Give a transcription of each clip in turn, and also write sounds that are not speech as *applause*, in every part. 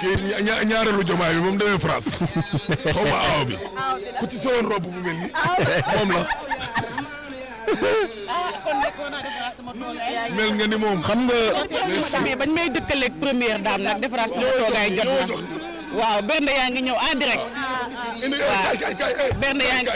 kii ñaareelu jomaay bi moom demee France xaw ma aaw bi ku ci sewoon rob bu mel ni nga ni moom xam nga. mais bañ may dëkkaleeg première dame nag defaraat sama toogaay jot na waaw bernde yaa ngi ñëw en direct. waaw yaa ngi.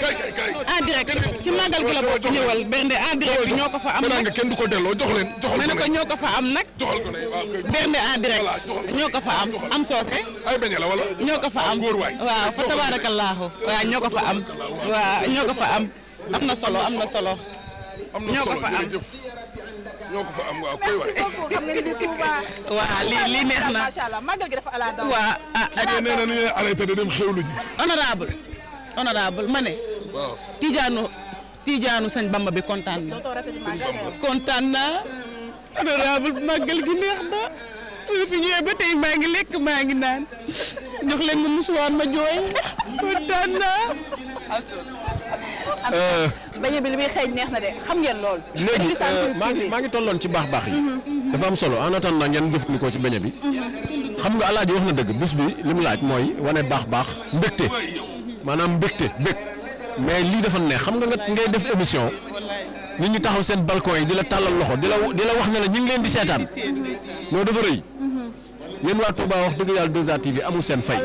en direct ci màggal gi la bokk ñëwal bernde en direct bi ñoo ko fa am nag nga ñoo ko fa am nag bernde en direct ñoo ko fa am am soose ay beñe la wala ñoo ko fa am waaw fa tabaarakallaahu waaw ñoo ko fa am waaw ñoo ko fa am am na solo am na solo ñoo ko fa am ko fa am waaw koy *laughs* lii lii neex na. macha allah màggal gi dafa ala daw. waaw ah. nee na ñu arrêté de honorable ma ne. waaw tijaanu tijaanu sëñ Bamba bi kontaan kontaan naa. na. su fi tey maa ngi lekk maa ngi naan jox leen ma ma jooy kontaan naa. bi li muy xeeñ xam ngeen lool. léegi euh, maa ngi maa ngi tolloon ci baax baax yi. Mhm. dafa am solo en attendant ngeen jëfandikoo ci bañ bi. Mhm. xam nga alaaji wax na dëgg bés bi li laaj mooy wane baax baax mbégte. maanaam mbégte bég mais lii dafa neex xam nga nga ngay def émission nit ñi taxaw seen balcon yi di la tàllal loxo di la di la wax ne la ñu ngi leen di seetaan loolu dafa rëy yéen waa Touba wax dëgg yàlla 2A TV amul seen fay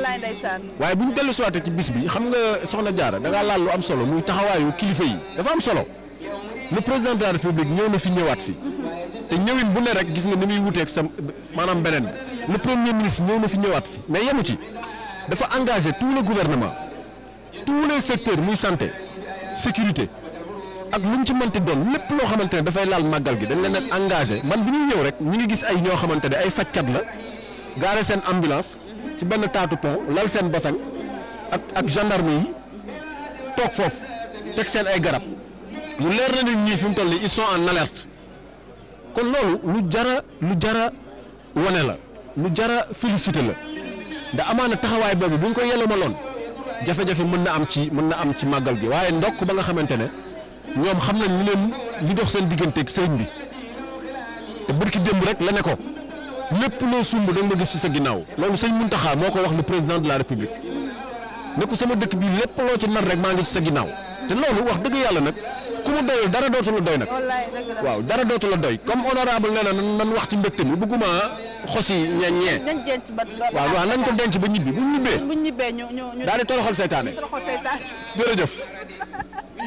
waaye bu ñu dellu siwaate ci bis bi xam nga soxna jaara da ngaa laal lu am solo muy taxawaayu kilifa yi dafa am solo le président de la république ñëw na fi ñëwaat fi te ñëwin bu ne rek gis nga ni muy wuteeg sa maanaam beneen bi le premier ministre ñëw na fi ñëwaat fi mais yemu ci dafa engagé tout le gouvernement. tous les secteurs muy santé sécurité ak lu ñu ci mënti doon lépp loo xamante ne dafay laal màggal gi dañ leen engagé man bi ñuy ñëw rek ñu ngi gis ay ñoo xamante ne ay fajkat la gaare seen ambulance ci benn taatu pont lal seen basang ak ak gendarme yi toog foofu teg seen ay garab mu leer na ni fi mu toll nii ils en alerte kon loolu lu jara lu jara wane la lu jara félicité la da amaana taxawaay boobu bu ko ko yellamaloon jafe-jafe mën na am ci mën na am ci màggal gi waaye ndokk ba nga xamante ne ñoom xam nañ ñu leen li dox seen digganteeg sëriñ bi te ki démb rek la ne ko lépp noo sumb da nga ma gis ci sa ginnaaw loolu sëñ taxaa moo ko wax le président de la république ne ko sama dëkk bii lépp loo ci nar rek maa ngi ci sa ginnaaw te loolu wax dëgg yàlla nag ku mu doyul dara dootu la doy nag waaw dara dootu la doy comme honorable nee na nan wax ci mbégte mi bëgguma xos yi ñeent ñeent. waaw nañ ko denc ba ñibbi bu ñibbee. bu ñibbee ñu ñu a di toroxal seytaane.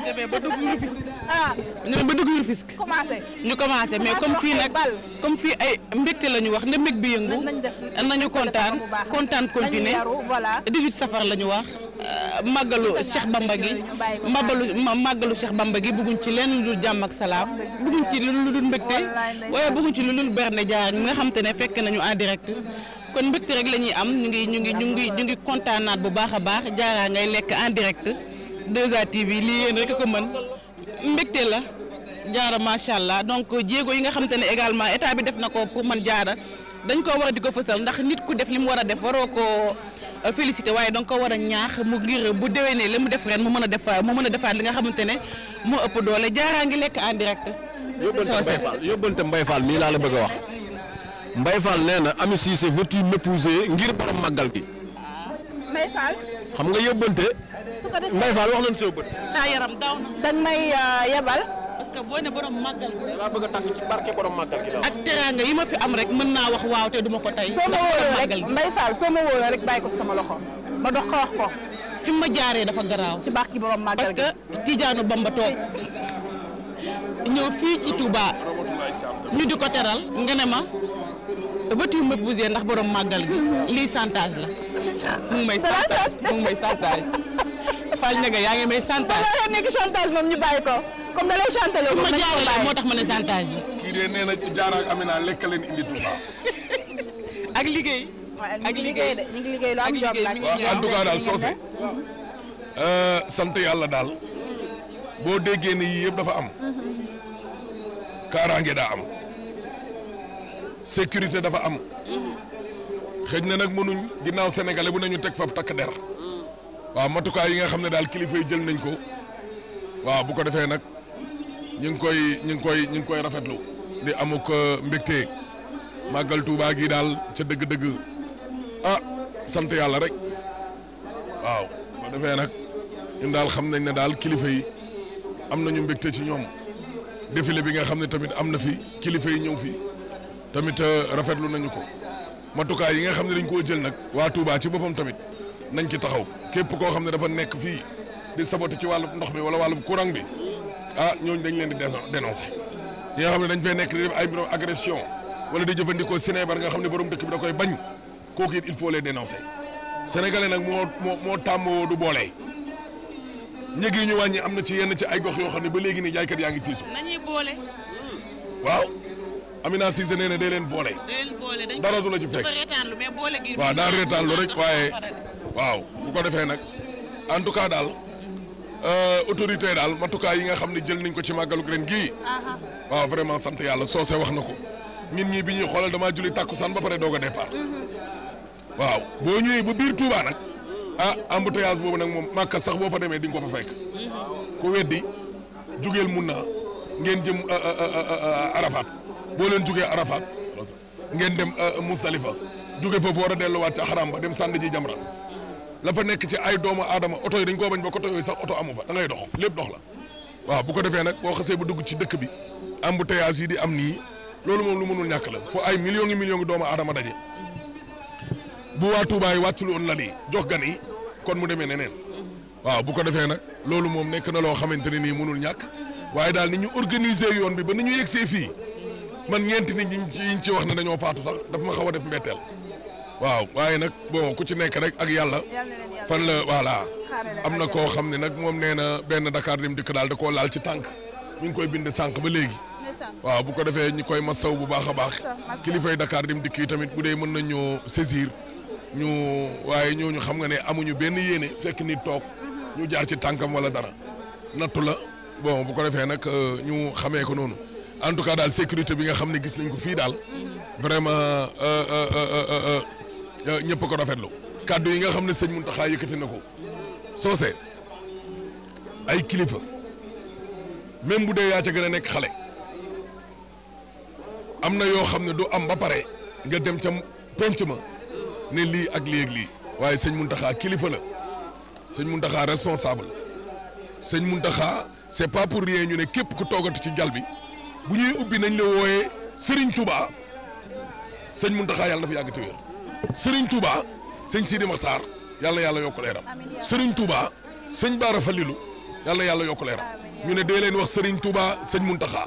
demee ba dugg Rufisque. ah ñu ne ñu commencé mais comme fii nag comme fii ay mbégte la ñu wax ne mbég bi yëngu. nañu kontaan kontaan continué. voilà 18 safar la ñu wax. Euh, màggalu Cheikh Bamba gi màggalu màggalu Cheikh Bamba gi bëgguñ ci leen lu dul jàmm ak salaam bëgguñ ci lu dul mbégte waaye bëgguñ ci lu dul berne jaar ñi nga xam ne fekk nañu en direct mm-hmm. kon mbégte rek la ñuy am ñu ngi ñu ngi ñu ngi ñu ngi kontaanaat bu baax a baax jaaraa ngay lekk indirect 2A TV lii yéen rek a ko mën mbégte la jaara macha allah donc jéego yi nga xamante ne également état bi def na ko pour man jaara dañ koo war a di ko fësal ndax nit ku def li mu war a def waroo ko euh, félicité waaye danga ko war a ñaax mu ngir bu déwénee li mu def ren mu mën a def mu mën a defaat li nga xamante ne moo ëpp doole jaaraa ngi lekk en direct. yóbbante Mbaye Fall nii laa la bëgg a wax Mbaye Fall nee na Ami Cissé veux-tu ngir borom màggal gi. Mbaye Fall xam nga su ko defee Mbaye Fall wax nañu soo bët. saa yaram daw na. dañ uh, yebal. parce que boo ne borom màggal gi rek. laa bëgg a tàgg ci barke ak teraanga yi ma fi am rek mën naa wax waaw te duma ko tey. soo ma wóoloo rek Mbaye rek bàyyi ko sama loxo ma dox ko wax ko. fi ma jaaree dafa garaaw. ci barke borom màggal gi parce que Tijaanu Bamba toog ñëw fii ci Touba ñu di ko teral nga ne ma voiture ma bousee ndax borom màggal gi mhm. lii chantage la mu may chantage mu may chantage chantage nga yaa ngi may chantage. ba nga nekk chantage moom ñu bàyyi ko comme da lay chantage. moom la ñu ko moo tax ma ne chantage kii de nee na Diarra ak Amina lekk leen indi Touba. *laughs* ak liggéey. ak liggéey de ñu ngi liggéey lu am jom la. waaw en daal soose. Euh, sant yàlla daal boo déggee ni yii yëpp dafa am. kaaraange daa am. sécurité dafa am. Mm-hmm. xëj na nag mënuñ ginnaaw sénégalais bu nañu teg fab takk der. waaw matukaay yi nga xam ne daal kilifa yi jël nañ ko waaw bu ko defee nag ñu ngi koy ñu ngi koy ñu ngi koy rafetlu di amuk euh, mbégte màggal Tuubaa gi daal ca dëgg-dëgg ah sant yàlla rek waaw bu defee nag ñun daal xam nañ ne daal kilifa yi am nañu mbégte ci ñoom défilé bi nga xam ne tamit am na fi kilifa yi ñëw fi tamit euh, rafetlu nañu ko matukaay yi nga xam ne dañ koo jël nag waa Tuubaa ci boppam tamit. nañ ci taxaw képp koo xam ne dafa nekk fii di saboté ci wàllu ndox mi wala wàllu courant bi ah ñooñu dañ leen di dénoncé ñi nga xam ne dañ fay nekk di def ay mbirum agression wala di jëfandikoo sinébar nga xam ne borom dëkk bi da koy bañ kooku it il faut les dénoncer sénégalais nag moo moo moo tàmmoo du boolee ñëg yi ñu wàññi am na ci yenn ci ay gox yoo xam ne ba léegi ne jaaykat yaa ngi siisu. nañuy waaw Amina Cissé nee na day leen boole. leen boole dañ dara du la ci fekk waaw bu ko defee nag en tout cas daal euh, autorité daal matukaay yi nga xam ne jël nañ ko ci màggalu ren gii. Uh-huh. waaw vraiment sant yàlla soose wax na ko nit ñi bi ñuy xoolal damaa julli tàkkusaan ba pare doog a départ. Uh-huh. waaw boo ñëwee ba biir Touba nag ah embouteillage boobu nag moom màkka sax boo fa demee di ko fa fekk. Uh-huh. ko weddi jugeel mun naa ngeen jëm euh, euh, Arafat boo leen jugee Arafat ngeen dem Musdalifa jóge foofu war a delluwaat ca xaram ba dem sànni ji jamra la fa nekk ci ay doomu aadama oto yi dañ koo bañ ba oto yooyu sax oto amu fa da ngay dox lépp dox la waaw bu ko defee nag boo xasee ba dugg ci dëkk bi embouteillage yi di am nii loolu moom lu mënul ñàkk la foo ay million ngi millions ngi doomu aadama daje bu waa Touba yi wàccul woon lal yi jox gan yi kon mu demee neneen waaw bu ko defee nag loolu moom nekk na loo xamante ne nii mënul ñàkk waaye daal ni ñu organiser yoon bi ba ni ñu yegsee fii man ñeenti nit ñi ci wax ne dañoo faatu sax daf ma xaw a def mbetteel waaw waaye nag bon ku ci nekk rek ak yàlla fan la voilà am na koo xam ne nag moom nee na benn Dakar mu Dikk daal da koo laal ci tànk ñu ngi koy bind sànq ba léegi waaw bu ko defee ñi koy mastaw bu baax a baax kilifay Dakar Dem Dikk yi tamit bu dee mën na ñoo saisir ñu waaye ñu xam nga ne amuñu benn yéene fekk ni toog mm-hmm. ñu jaar ci tànkam wala dara nattu la bon bu ko defee nag euh, ñu xamee ko noonu en tout cas daal sécurité bi nga xam ne gis nañ ko fii daal mm-hmm. vraiment euh, euh, Eh, ñëpp ko rafetlu kàddu yi nga xam ne sëñ Mountakha yëkkati na ko soose ay kilifa même bu dee yaa ca gën a nekk xale am na yoo xam ne du am ba pare nga dem ca penc ma ne lii ak lii ak lii waaye sëñ Mountakha kilifa la sëñ Mountakha responsable sëñ Mountakha c'est pas pour ñu ne képp ku toogati ci jal bi bu ñuy ubbi nañ la wooyee Serigne Touba sëñ Mountakha yàlla na fa yàgg te sëriñ Touba sëñ Sidi Maxtaar yàlla yàlla yokk leeram Serigne Touba sëñ Baara Falilu yàlla yàlla yokk leeram ñu ne dee leen wax sëriñ Touba sëñ Muntaxa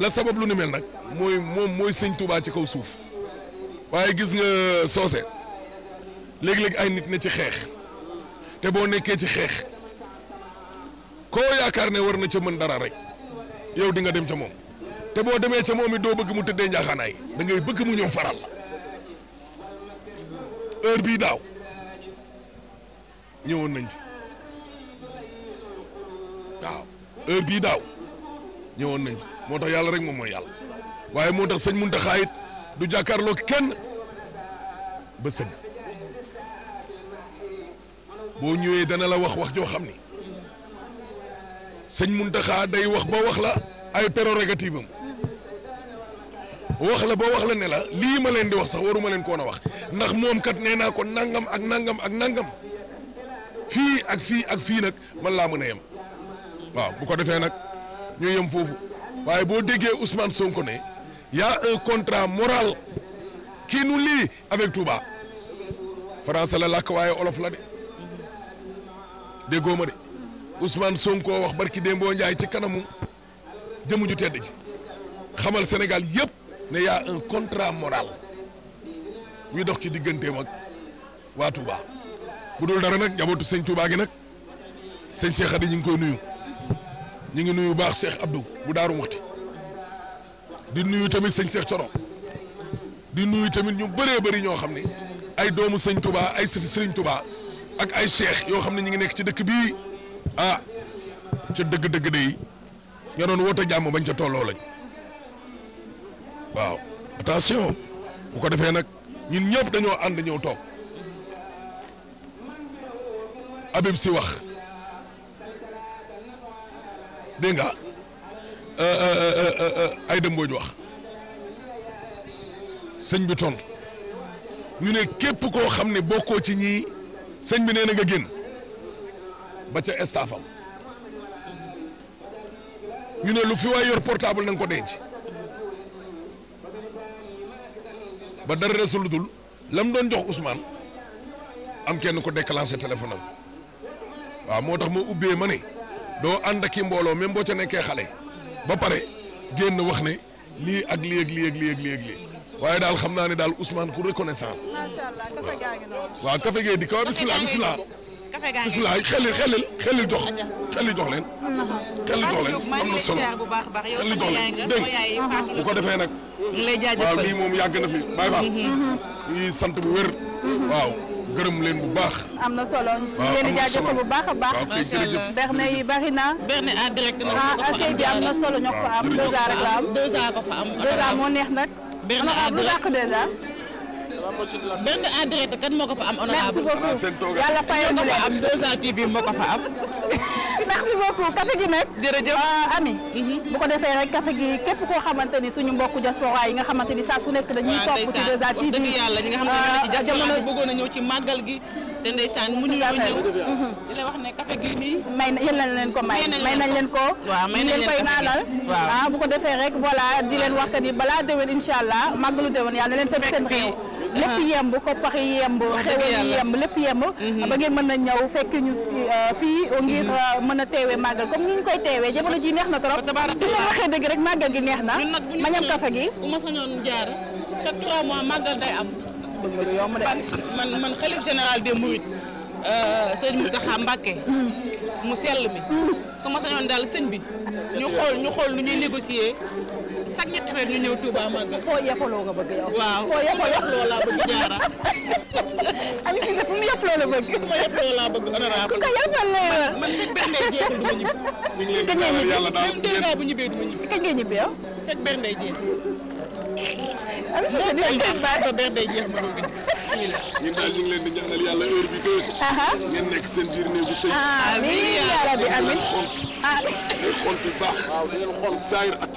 la sabab lu ni mel nag mooy moom mooy sëñ Touba ci kaw suuf waaye gis nga euh, soose léegi-léegi ay nit ne ci xeex te boo nekkee ci xeex koo yaakaar ne war na ca mën dara rek yow di nga dem ca moom te boo demee ca moom it doo bëgg mu tëddee njaaxaanaay da ngay bëgg mu ñëw faral la heure bii daaw ñëwoon nañ fi waaw bii daaw ñëwoon nañ moo tax yàlla rek moom mooy yàlla waaye moo tax sëñ Muntaxa it du jàkkaarloo kenn ba sëgg boo ñëwee dana la wax wax joo xam ni sëñ Muntaxa day wax ba wax la ay prérogative am wax la boo wax la ne la lii ma leen di wax sax waruma leen koon a wax ndax moom kat nee naa ko nangam ak nangam ak nangam fii ak fii ak fii nag man laa mën a yem waaw bu ko defee nag ñu yem foofu waaye boo déggee Ousmane Sonko ne yaa a un contrat moral qui nous lie avec Touba français la làkk waaye olof la de déggoo ma de Ousmane Sonko wax barki Dembo Ndiaye ci kanamu jëmu ju tedd ji xamal senegal yépp ne y' un contrat moral buy dox ci digganteem ak waa Touba bu dul dara nag njabootu sëñ Touba gi nag sëñ Cheikh Khady ñu ngi koy nuyu ñu ngi nuyu baax Cheikh Abdou bu daaru Muxti di nuyu tamit sëñ Cheikh Coro di nuyu tamit ñu bëree bari ñoo xam ne ay doomu sëñ Touba ay sëriñ Touba ak ay cheikh yoo xam ne ñu ngi nekk ci dëkk bii ah ca dëgg-dëgg de yi ña doon jàmm bañ ca tolloo lañ. waaw attention bu ko defee nag ñun ñëpp dañoo ànd ñëw toog Habib si wax dégg nga euh, euh, euh, ay dëmbooj wax sëñ bi tontu ñu ne képp koo xam ne koo ci ñii sëñ bi nee na nga génn ba ca estafam ñu ne lu fi waay yor portable na nga ko denc ba dara resolutul la mu doon jox Ousmane am kenn ko déclenché téléphone am waaw moo tax ma ubbee ma ne doo ànd ak i mbooloo même boo ca nekkee xale ba pare génn wax ne lii ak lii ak lii ak lii ak waaye daal xam naa ne daal Ousmane ku reconnaissant. macha allah kafe waaw kafe gee di kaw bisimilah bisimilah. bisimilah xelil xelil xelil jox xelil jox leen. xelil jox leen am na solo xelil jox leen dégg bu ko defee nag. waaw lii moom yàgg na fi bàyyi baax. ñuy sant bu wér. Mhm. waaw gërëm leen bu baax. am na solo ñu leen di jaajëfal bu baax a baax. macha allah berne yi bari na. berne en ah, na solo ñoo am. moo neex nag. berne en direct lu dàq deux ans. benn en direct kan moo ko fa am. honorable merci beaucoup yàlla fayal ko am 200 *laughs* TV gi nag. Euh, ami. Mhm. bu ko defee rek kafe gi képp koo xamante ni suñu mbokku diaspora yi nga xamante ni saa su nekk dañuy topp ci 2A TV. dëgg yàlla ñi nga xam ne ci euh, diaspora bi bëggoon ñëw ci màggal gi. te ndeysaan mu ñu ñëw mhm. di la ne café gi may na yéen nañ leen ko may. may nañ leen ko waaw may nañ leen koy ah, bu ko defee rek voilà di leen wax que ni balaa déwén incha allah màggalu déwén yàlla na leen fekk seen réew. lépp ah. yemb koppax yi yemb xewal yi yemb lépp yemb mm-hmm. ba ngeen mën na ñëw fekk ñu si euh, fii ngir mm-hmm. euh, mën a teewee màggal comme nu ñu koy teewee jamono ji neex na trop su ma waxee dëgg rek màggal gi neex na ma ñam kafe gi bu ma sañoon jaar chaque trois mois day am man man xalif général des mourides euh, sëñ Mountakha Mbacké mu sell mi mm-hmm. su ma sañoon daal sëñ bi ñu xool ñu xool nu ñuy négocier chaque ñetti weer ñu ñëw Touba màggal. foo yefaloo nga bëgg yow. waaw foo yefaloo laa bëgg jaara. *laughs* Ami Cissé fu mu yefaloo la bëgg. fu ma yefaloo laa bëgg honorable. ku ko yefal la man man fekk benn day jeexul du ma ñibbi. ñu ngi leen di yàlla daal même deux mois bu ñibbee du ma ñibbi. kañ ngay ñibbi yow. fekk benn day jeexul. Ami Cissé di la tëj baay. benn day jeex ma doog bismillah ñun daal ñu ngi leen di ñaanal yàlla heure bi heure. ngeen nekk seen biir néegu sëy. amiin yaa ci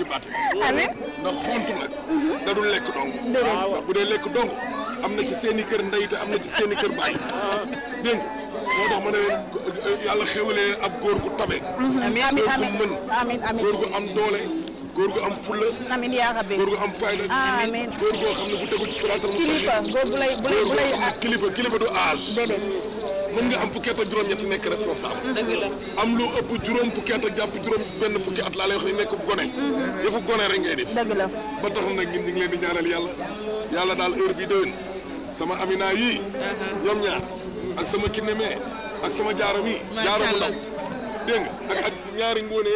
baati. amiin ndax xont mhm. da dul lekk dong. bu dee lekk dong am na ci seen i kër ndey am na ci seen i kër baay. *laughs* dégg moo ma ne yàlla xéwalee ab góor gu tabe. Mhm. amiin amiin góor gu am doole. góor gu am fulla amiin yaa rabbi góor gu am fayda amiin góor goo xam ne bu nga am fukki at ak juróom-ñett nekk responsable mm-hmm. dëgg la am lu ëpp juróom fukki jàpp juróom benn fukki at laa lay wax ne nekk gone mm-hmm. yëfu gone rek ngay def dëgg la ba tax nag ñun ñu ngi leen di ñaanal yàlla yàlla daal heure bi déwén sama amina yii mm-hmm. ñoom ñaar ak sama kinémee ak sama jaaram yi jaaram ndaw dégg ak ak ñaari ngóone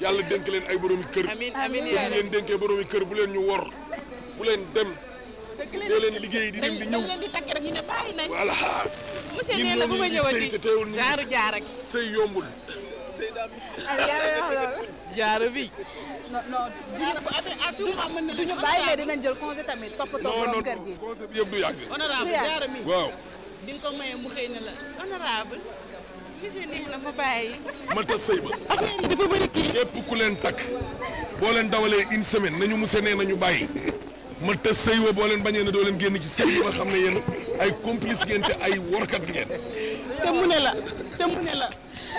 yàlla dénk leen ay boroomi kër. amiin amiin yaa leen dénkee boroomi kër bu leen ñu wor bu leen dem. doo leen liggéey di dem di ñëw leen di takk rek ñu ne bàyyi nañ. voilà monsieur nee na bu ma ñëwati jaaru jaar ak sëy yombul. jaaro bi. non non du ñu ah, bàyyi mais dinañ jël congé tamit toppatoo borom kër gi. non non congé bi waaw. di ko maye mu xëy na la honorable ma mata sëy ba ah, képp ku leen takk boo leen dawalee une semaine nañu muse nee nañu bàyyi ta sëy ba boo leen bañee ne doo leen génn ci sëy ba xam ne yéen ay complice ngeen te ay workat ngeen te mu ne la te mu ne la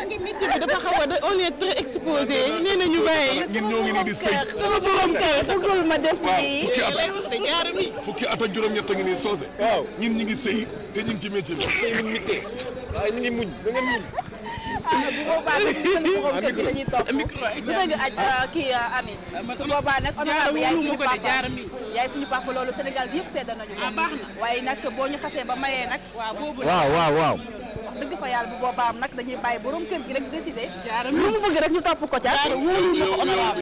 nit ñi dafa xaw a on est très ñu bàyyi. ñun ñoo ngi nii di sëy sama borom kër bëggul fukki at ak fukki at ak juróom-ñett a ngi nii soose. waaw ñun ñu ngi sëy te ñu ci métier bi. waaye ni ngi muñ da ngeen muñ. Ah, bu boobaa nag ñu jël borom kër gi la ñuy topp lu dëgg aj kii ah, ami ah, su boobaa nag honorable yaay suñu papa yaay suñu papa loolu Sénégal bi yëpp seedda nañu ko waaye nag boo ñu xasee ba mayee nag waaw waaw waaw dëgg fa yàlla bu boobaam nag dañuy bàyyi borom kër gi rek décider lu mu bëgg rek ñu topp ko ca wóolu na ko honorable